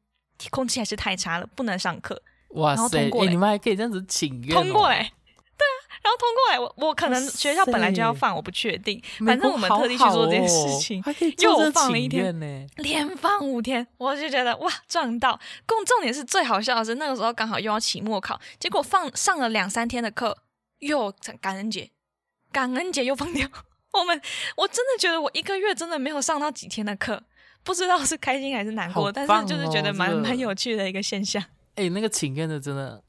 空氣還是太差了，不能上課。哇所塞然後通過，欸欸、你們還可以這樣子請願，哦。通過誒、欸、對啊，然後通過哎，我我可能學校本來就要放，塞我不確定。反正我們特地去做這件事情，又放了一天呢，連放五天，我就覺得哇賺到。更重點是最好笑的是，那個時候剛好又要期末考，結果放上了兩三天的課，又感恩節，感恩節又放掉。我們我真的覺得我一個月真的沒有上到幾天的課，不知道是開心還是難過，哦、但是就是覺得蠻蠻、這個、有趣的一個現象。哎、欸，那個請願的真的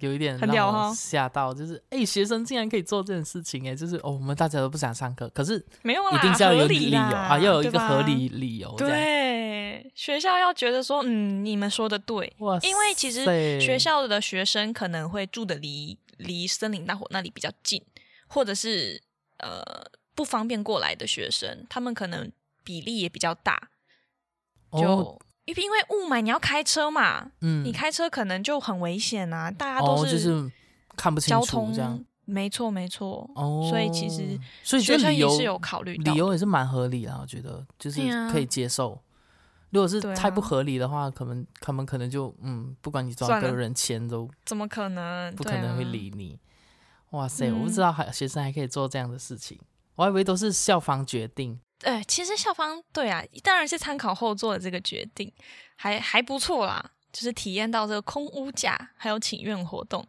有一點讓我嚇到，就是哎、欸，學生竟然可以做這件事情、欸，哎，就是哦，我們大家都不想上課，可是沒有啊，一定是要有理由啊，要有一個合理理由對。對，學校要覺得說，嗯，你們說的對，塞因為其實學校的學生可能會住的離離森林大火那裡比較近，或者是呃。不方便過來的學生，他們可能比例也比較大。就、哦、因為因為霧霾，你要開車嘛，嗯，你開車可能就很危險啊。大家都是交通、哦就是、看不清楚，沒錯沒錯。哦，所以其實所以學生也是有考慮，理由也是蠻合理啦，我覺得就是可以接受。啊、如果是太不合理的話，可能他們可，可能就嗯，不管你賺個人錢都怎麼可能不可能會理你？啊、哇塞，我不知道還學生還可以做這樣的事情。我以為都是校方決定，對、呃，其實校方對啊，當然是參考後做的這個決定，還還不錯啦，就是體驗到這個空屋架還有請願活動。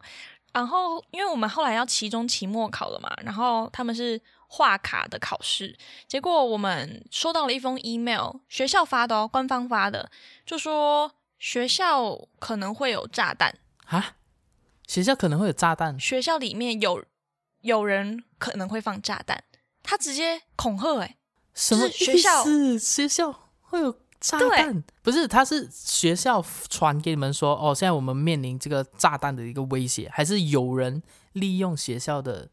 然後，因為我們後來要期中、期末考了嘛，然後他們是畫卡的考試，結果我們收到了一封 email，學校發的哦，官方發的，就說學校可能會有炸彈啊，學校可能會有炸彈，學校裡面有有人可能會放炸彈。他直接恐嚇哎、欸，什麼學校？是學校會有炸彈？對不是，他是學校傳給你們說，哦，現在我們面臨這個炸彈的一個威脅，還是有人利用學校的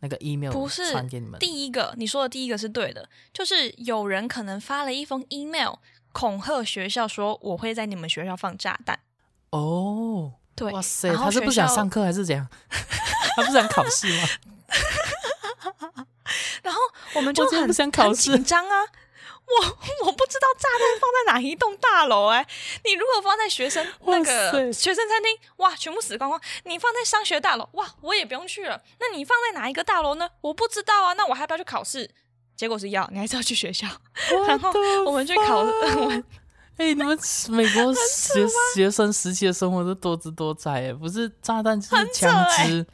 那個 email 不是傳給你們？不是第一個你說的第一個是對的，就是有人可能發了一封 email 恐嚇學校，說我會在你們學校放炸彈。哦，對，哇塞，他是不想上課還是怎樣？ 他不是想考試嗎？ 然後我們就很不想考試很緊張啊，我我不知道炸彈放在哪一棟大樓哎、欸，你如果放在學生那個學生餐廳，哇，塞哇，全部死光光；你放在商學大樓，哇，我也不用去了。那你放在哪一個大樓呢？我不知道啊，那我還要不要去考試？結果是要，你還是要去學校。What 然後我們去考，我們哎，你們美國學學生時期的生活是多姿多彩、欸、不是炸彈就是槍支。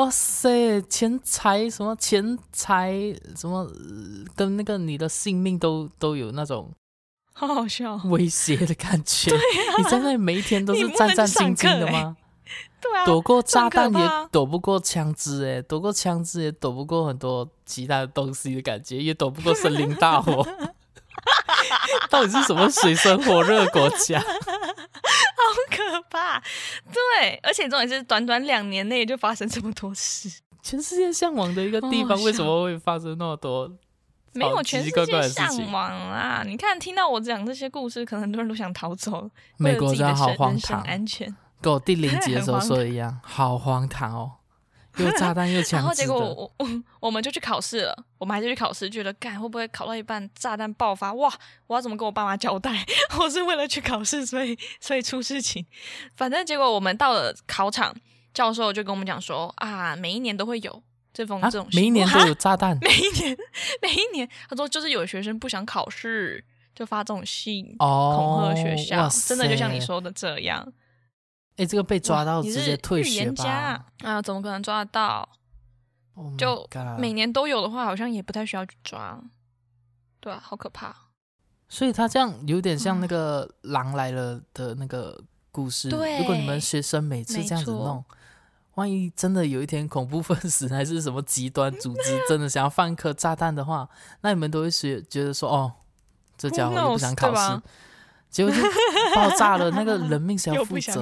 哇塞，錢財什麼錢財什麼，跟那個你的性命都都有那種，好好笑，威脅的感覺。對啊，你在那裡每一天都是戰戰兢兢的嗎？對啊，躲過炸彈也躲不過槍支、欸，哎，躲過槍支也躲不過很多其他的東西的感覺，也躲不過森林大火。 到底是什麼水深火熱國家？ 好可怕！對，而且這種也是短短兩年內就發生這麼多事。全世界向往的一個地方，oh, 為什麼會發生那麼多沒有？全世界向往啊！你看，聽到我講這些故事，可能很多人都想逃走。美國真的好荒唐，安全跟我第零集的時候說一樣，荒好荒唐哦。炸彈然後結果我我我們就去考試了，我們還是去考試，覺得幹會不會考到一半炸彈爆發？哇！我要怎麼跟我爸媽交代？我是為了去考試，所以所以出事情。反正結果我們到了考場，教授就跟我們講說啊，每一年都會有這封、啊、這種信，每一年都有炸彈，每一年每一年，他說就是有學生不想考試，就發這種信，oh, 恐嚇學校，塞真的就像你說的這樣。誒，這個被抓到直接退學吧，預言家啊！怎麼可能抓得到？Oh、就每年都有的話，好像也不太需要去抓，對啊，好可怕！所以他這樣有點像那個狼來了的那個故事。嗯、如果你們學生每次對這樣子弄，錯萬一真的有一天恐怖分子還是什麼極端組織 真的想要放顆炸彈的話，那你們都會覺得說哦，這家伙又不想考試。結果就爆炸了，那個人命是要負責。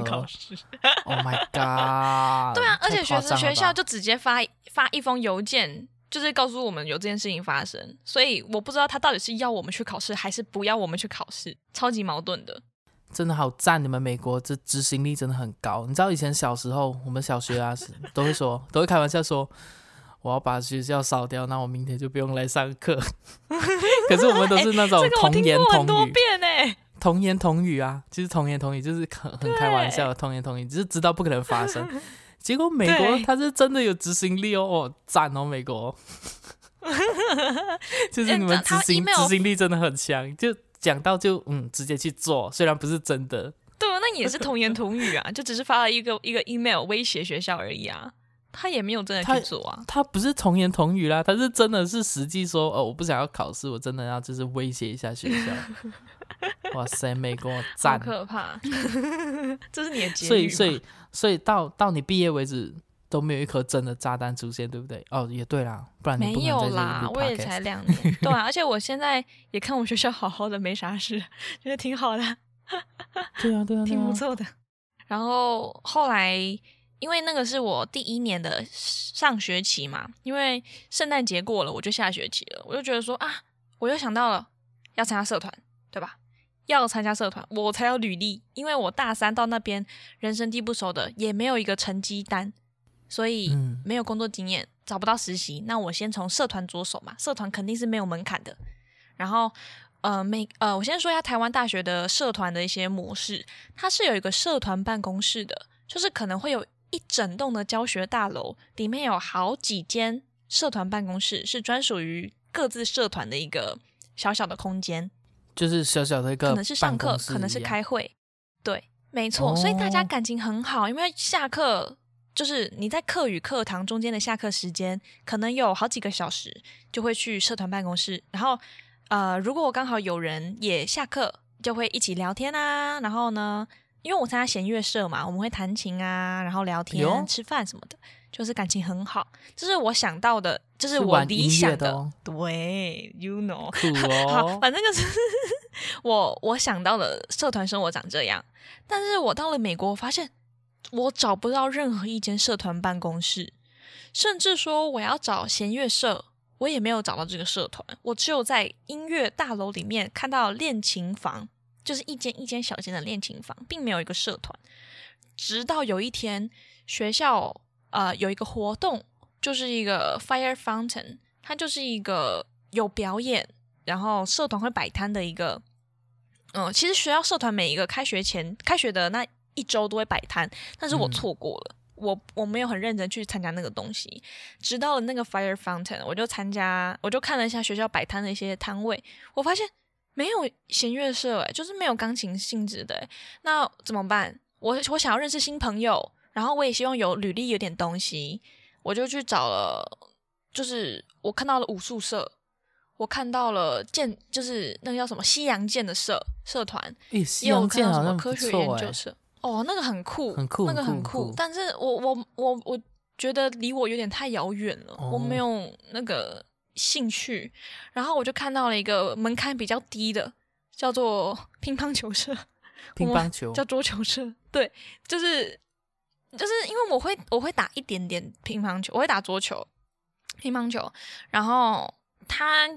Oh my God！對啊，而且學生學校就直接發發一封郵件，就是告訴我們有這件事情發生，所以我不知道他到底是要我們去考試還是不要我們去考試，超級矛盾的。真的好讚，你們美國這執行力真的很高。你知道以前小時候我們小學啊，都會說，都會開玩笑說，我要把學校燒掉，那我明天就不用來上課。 可是我們都是那種童言童語。欸這個童言童語啊，其、就是童言童語就是很很開玩笑的，對童言童語只、就是知道不可能發生。結果美國他是真的有執行力哦，讚對哦，哦，美國， 就是你們執行執 em 行力真的很強，就講到就嗯直接去做，雖然不是真的，對，那也是童言童語啊， 就只是發了一個一個 email 威脅學校而已啊，他也沒有真的去做啊他。他不是童言童語啦，他是真的是實際說，哦，我不想要考試，我真的要就是威脅一下學校。 哇塞，美國炸，好可怕！ 這是你的結局。所以，所以，所以到到你畢業為止都沒有一顆真的炸彈出現，對不對？哦，也對啦，不然你不沒有啦，我也才兩年， 對啊。而且我現在也看我學校好好的，沒啥事，覺得挺好的。 對啊，對啊，啊、挺不錯的。然後後來，因為那個是我第一年的上學期嘛，因為聖誕節過了，我就下學期了，我就覺得說啊，我又想到了要參加社團，對吧？要參加社團，我才要履歷，因為我大三到那邊，人生地不熟的，也沒有一個成績單，所以沒有工作經驗，嗯、找不到實習。那我先從社團着手嘛，社團肯定是沒有門檻的。然後，呃，每呃，我先說一下台灣大學的社團的一些模式，它是有一個社團辦公室的，就是可能會有一整棟的教學大樓，裡面有好幾間社團辦公室，是專屬於各自社團的一個小小的空間。就是小小的一個一，可能是上課，可能是開會，對，沒錯，哦、所以大家感情很好，因為下課就是你在課與課堂中間的下課時間，可能有好幾個小時就會去社團辦公室，然後呃，如果我剛好有人也下課，就會一起聊天啊，然後呢，因為我參加弦樂社嘛，我們會彈琴啊，然後聊天、呦吃飯什麼的。就是感情很好，這是我想到的，就是我理想的，是玩音樂的哦、 對，You know，、酷哦、 好，反正就是我我想到的社團生活長這樣。但是我到了美國，發現我找不到任何一間社團辦公室，甚至說我要找弦樂社，我也沒有找到這個社團。我只有在音樂大樓裡面看到練琴房，就是一間一間小間的練琴房，並沒有一個社團。直到有一天，學校。呃，有一個活動，就是一個 fire fountain，它就是一個有表演，然後社團會擺攤的一個。嗯，呃，其實學校社團每一個開學前、開學的那一周都會擺攤，但是我錯過了，嗯，我我沒有很認真去參加那個東西。直到了那個 fire fountain，我就參加，我就看了一下學校擺攤的一些攤位，我發現沒有弦樂社，欸，就是沒有鋼琴性質的，欸。那怎麼辦？我我想要認識新朋友。然後我也希望有履歷有點東西，我就去找了，就是我看到了武術社，我看到了劍，就是那個叫什麼西洋劍的社社團，西洋劍。好也有看到什麼科學研究社哎，欸、哦，那個很酷，很酷，那個很酷，很酷，但是我我我我覺得離我有點太遙遠了，嗯、我沒有那個興趣。然後我就看到了一個門檻比較低的，叫做乒乓球社，乒乓球叫桌球社，對，就是。就是因為我會我會打一點點乒乓球，我會打桌球、乒乓球，然後他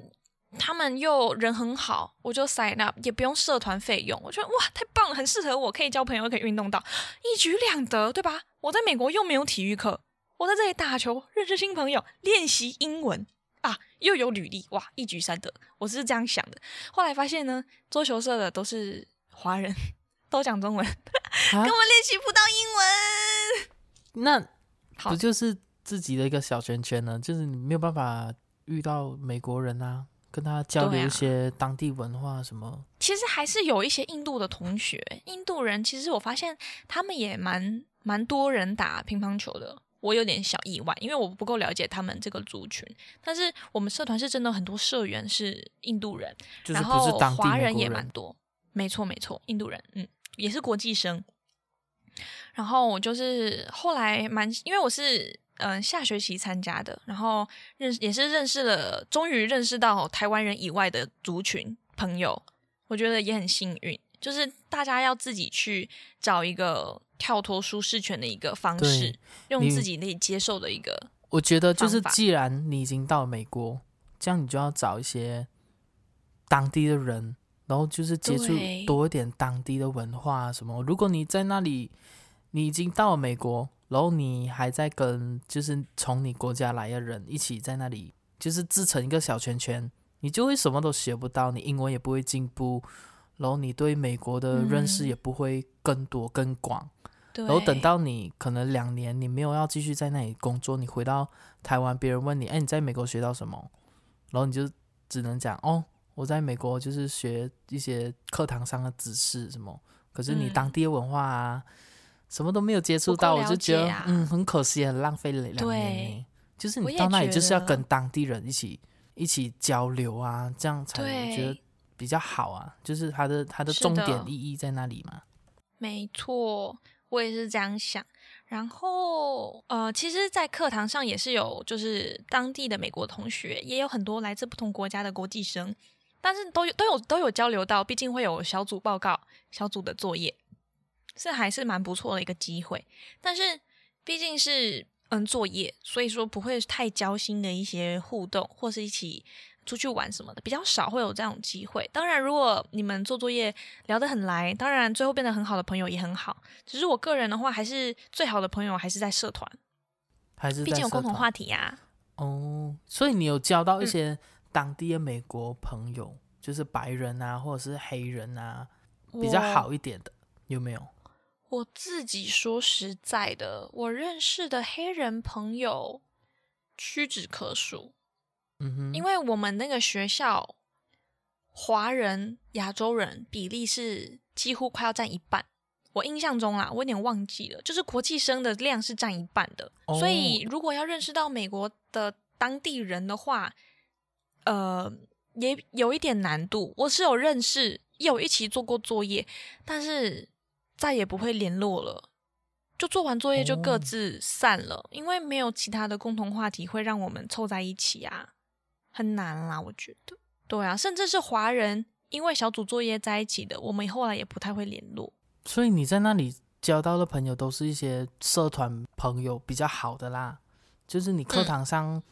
他們又人很好，我就 sign up，也不用社團費用，我覺得哇太棒了，很適合我，可以交朋友，可以運動到，一舉兩得，對吧？我在美國又沒有體育課，我在這裡打球認識新朋友，練習英文啊，又有履歷，哇，一舉三得，我是這樣想的。後來發現呢，桌球社的都是華人。都講中文，根本練習不到英文。那不就是自己的一個小圈圈呢？好就是你沒有辦法遇到美國人啊，跟他交流一些當地文化什麼。啊、其實還是有一些印度的同學，印度人其實我發現他們也蠻蠻多人打乒乓球的，我有點小意外，因為我不夠了解他們這個族群。但是我們社團是真的很多社員是印度人，然後華人也蠻多。沒錯，沒錯，印度人，嗯。也是國際生，然後我就是後來蠻，因為我是嗯、呃、下學期參加的，然後認也是認識了，終於認識到台灣人以外的族群朋友，我覺得也很幸運。就是大家要自己去找一個跳脫舒適圈的一個方式，用自己可以接受的一個。我覺得就是，既然你已經到美國，這樣你就要找一些當地的人。然後就是接觸多一點當地的文化、啊、什麼。如果你在那裡，你已經到了美國，然後你還在跟就是從你國家來的人一起在那裡，就是自成一個小圈圈，你就會什麼都學不到，你英文也不會進步，然後你對美國的認識也不會更多更廣。然後等到你可能兩年，你沒有要繼續在那裡工作，你回到台灣，別人問你，哎，你在美國學到什麼？然後你就只能講哦。我在美國就是學一些課堂上的知識，什麼？可是你當地的文化啊，嗯、什麼都沒有接觸到，啊、我就覺得嗯，很可惜，很浪費兩年。對，就是你到那裡就是要跟當地人一起一起交流啊，這樣才覺得比較好啊。對就是它的它的重點意義在那裡嘛。沒錯，我也是這樣想。然後呃，其實，在課堂上也是有，就是當地的美國同學，也有很多來自不同國家的國際生。但是都有都有都有交流到，畢竟會有小組報告、小組的作業，是還是蠻不錯的一個機會。但是畢竟是嗯作業，所以說不會太交心的一些互動，或是一起出去玩什麼的比較少，會有這種機會。當然，如果你們做作業聊得很來，當然最後變得很好的朋友也很好。只是我個人的話，還是最好的朋友還是在社團，還是畢竟有共同話題呀、啊。哦，oh, 所以你有交到一些、嗯。當地的美國朋友就是白人啊，或者是黑人啊，比較好一點的我有沒有？我自己說實在的，我認識的黑人朋友屈指可數。嗯哼，因為我們那個學校，華人、亞洲人比例是幾乎快要占一半。我印象中啦、啊，我有點忘記了，就是國際生的量是占一半的。哦、所以如果要認識到美國的當地人的話。呃，也有一點難度。我是有認識，有一起做過作業，但是再也不會聯絡了。就做完作業就各自散了，哦、因為沒有其他的共同話題會讓我們湊在一起啊，很難啦，我覺得。對啊，甚至是華人，因為小組作業在一起的，我們後來也不太會聯絡。所以你在那裡交到的朋友，都是一些社團朋友比較好的啦，就是你課堂上、嗯。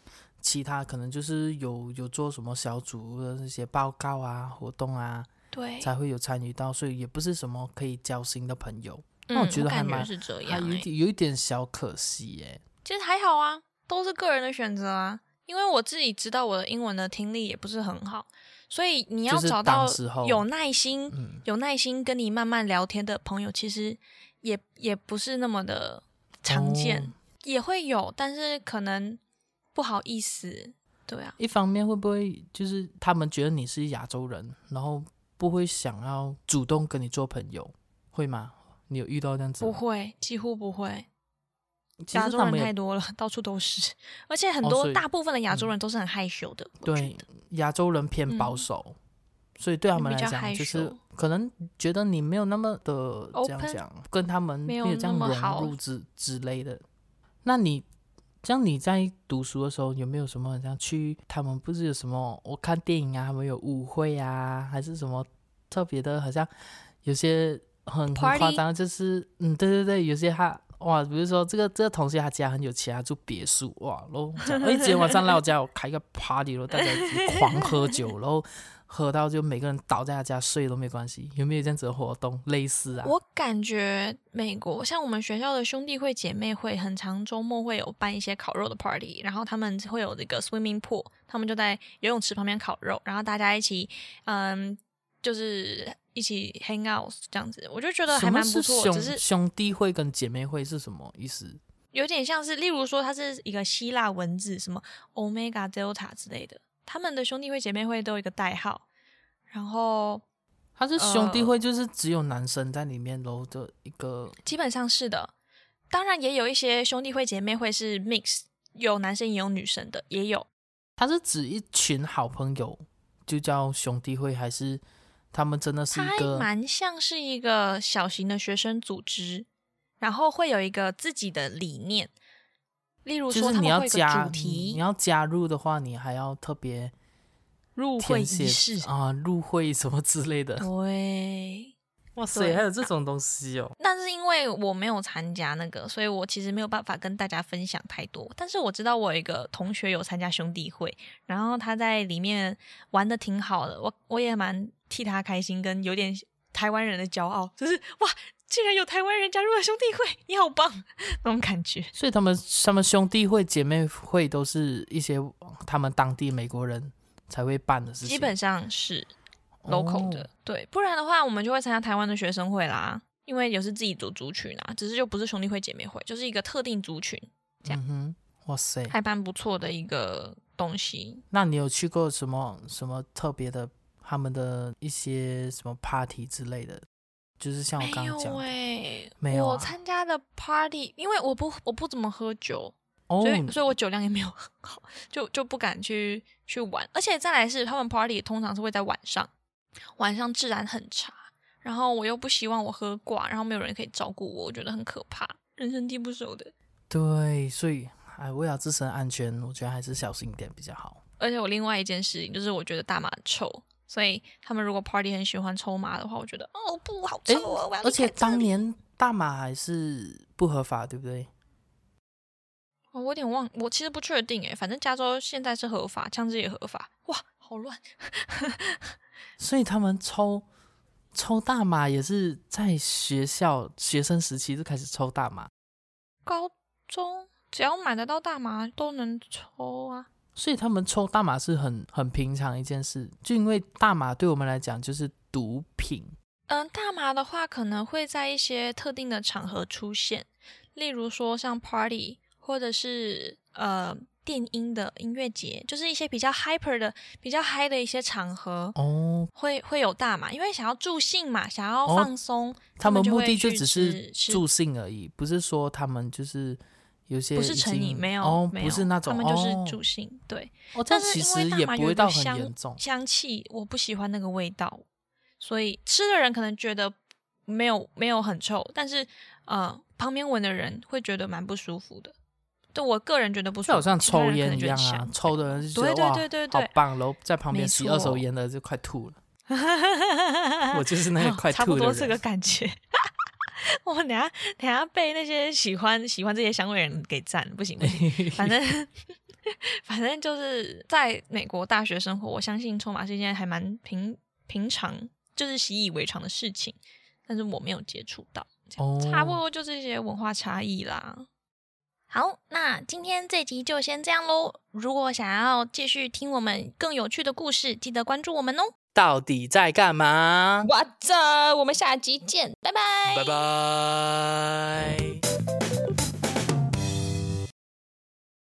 其他可能就是有有做什麼小組的那些報告啊、活動啊，對，才會有參與到，所以也不是什麼可以交心的朋友。嗯、那我覺得還蠻，是這樣欸、有一點有一點小可惜耶、欸。其實還好啊，都是個人的選擇啊。因為我自己知道我的英文的聽力也不是很好，所以你要找到有耐心、有耐心跟你慢慢聊天的朋友，其實也也不是那麼的常見，哦、也會有，但是可能。不好意思，對啊，一方面會不會就是他們覺得你是亞洲人，然後不會想要主動跟你做朋友，會嗎？你有遇到這樣子嗎？不會，幾乎不會。亞洲人太多了，到處都是，而且很多大部分的亞洲人都是很害羞的。對，亞洲人偏保守，所以對他們來講就是可能覺得你沒有那麼的這樣講，跟他們沒有這麼融入之之類的。那你。像你在讀書的時候，有沒有什麼好像去他們不是有什麼？我看電影啊，他們有舞會啊，還是什麼特別的？好像有些很很誇張，就是 Party? 嗯，對對對，有些他哇，比如說這個這個同學他家很有錢，他住別墅哇，然後一今天晚上來我家我開個 party 嘍，大家一起狂喝酒，然後。喝到就每個人倒在他家睡都沒關係，有沒有這樣子的活動？類似啊？我感覺美國像我們學校的兄弟會姐妹會，很常周末會有辦一些烤肉的 party，然後他們會有一個 swimming pool，他們就在游泳池旁邊烤肉，然後大家一起嗯，就是一起 hang out 這樣子，我就覺得還蠻不錯。什麼是只是兄弟會跟姐妹會是什麼意思？有點像是，例如說它是一個希臘文字，什麼 Omega Delta 之類的。他們的兄弟會、姐妹會都有一個代號，然後，他是兄弟會，就是只有男生在裡面，然後的一個、呃，基本上是的，當然也有一些兄弟會、姐妹會是 mix，有男生也有女生的，也有。他是指一群好朋友就叫兄弟會，還是他們真的是一個？它還蠻像是一個小型的學生組織，然後會有一個自己的理念。例如說，就是你要加，你要加入的話，你還要特別入會儀式啊、呃，入會什麼之類的。對，哇塞，對還有這種東西哦。但是因為我沒有參加那個，所以我其實沒有辦法跟大家分享太多。但是我知道我有一個同學有參加兄弟會，然後他在裡面玩得挺好的，我我也蠻替他開心，跟有點台灣人的驕傲，就是哇。竟然有台灣人加入了兄弟會，你好棒 那種感覺。所以他們他們兄弟會姐妹會都是一些他們當地美國人才會辦的事情。基本上是，哦，local 的。對，不然的話我們就會參加台灣的學生會啦，因為也是自己組族群啦，只是就不是兄弟會姐妹會，就是一個特定族群這樣。嗯哼，哇塞，還蠻不錯的一個東西。那你有去過什麼什麼特別的他們的一些什麼 party 之類的？就是像我剛剛講的，沒有，我參加的 party，因為我不我不怎麼喝酒，oh, 所以所以我酒量也沒有很好，就就不敢去去玩。而且再來是他們 party 通常是會在晚上，晚上治安很差，然後我又不希望我喝掛，然後沒有人可以照顧我，我覺得很可怕，人生地不熟的。對，所以哎，為了自身安全，我覺得還是小心一點比較好。而且我另外一件事情就是，我覺得大麻臭。所以他們如果 party 很喜歡抽麻的話，我覺得哦不好抽、啊，欸、我要而且當年大麻還是不合法，對不對？哦，我有點忘，我其實不確定哎，反正加州現在是合法，槍支也合法，哇，好亂。 所以他們抽抽大麻也是在學校學生時期就開始抽大麻，高中只要買得到大麻都能抽啊。所以他們抽大麻是很很平常一件事，就因為大麻對我們來講就是毒品。嗯、呃，大麻的話可能會在一些特定的場合出現，例如說像 party 或者是呃電音的音樂節，就是一些比較 hyper 的、比較嗨的一些場合。哦，會會有大麻，因為想要助興嘛，想要放鬆。哦、他們就會去吃，他們目的就只是助興而已，是。不是說他們就是。不是成癮，沒有，沒有，他們就是助興，對。但是因為大麻有味道很嚴重，香氣，我不喜歡那個味道，所以吃的人可能覺得沒有沒有很臭，但是呃旁邊聞的人會覺得蠻不舒服的。對，我個人覺得不舒服。就好像抽煙一樣啊，抽的人就對對對對，哇，好棒，然後在旁邊吸二手煙的就快吐了。我就是那個快吐的人。差不多這個感覺。我、哦、等下等下被那些喜歡喜歡這些香味人給贊，不行不行，反正 反正就是在美國大學生活，我相信抽麻是一件還蠻平平常，就是習以為常的事情，但是我沒有接觸到，差不多就是一些文化差異啦。哦、好，那今天這集就先這樣嘍。如果想要繼續聽我們更有趣的故事，記得關注我們哦。到底在幹嘛？What's up？我們下集見，拜拜，拜拜。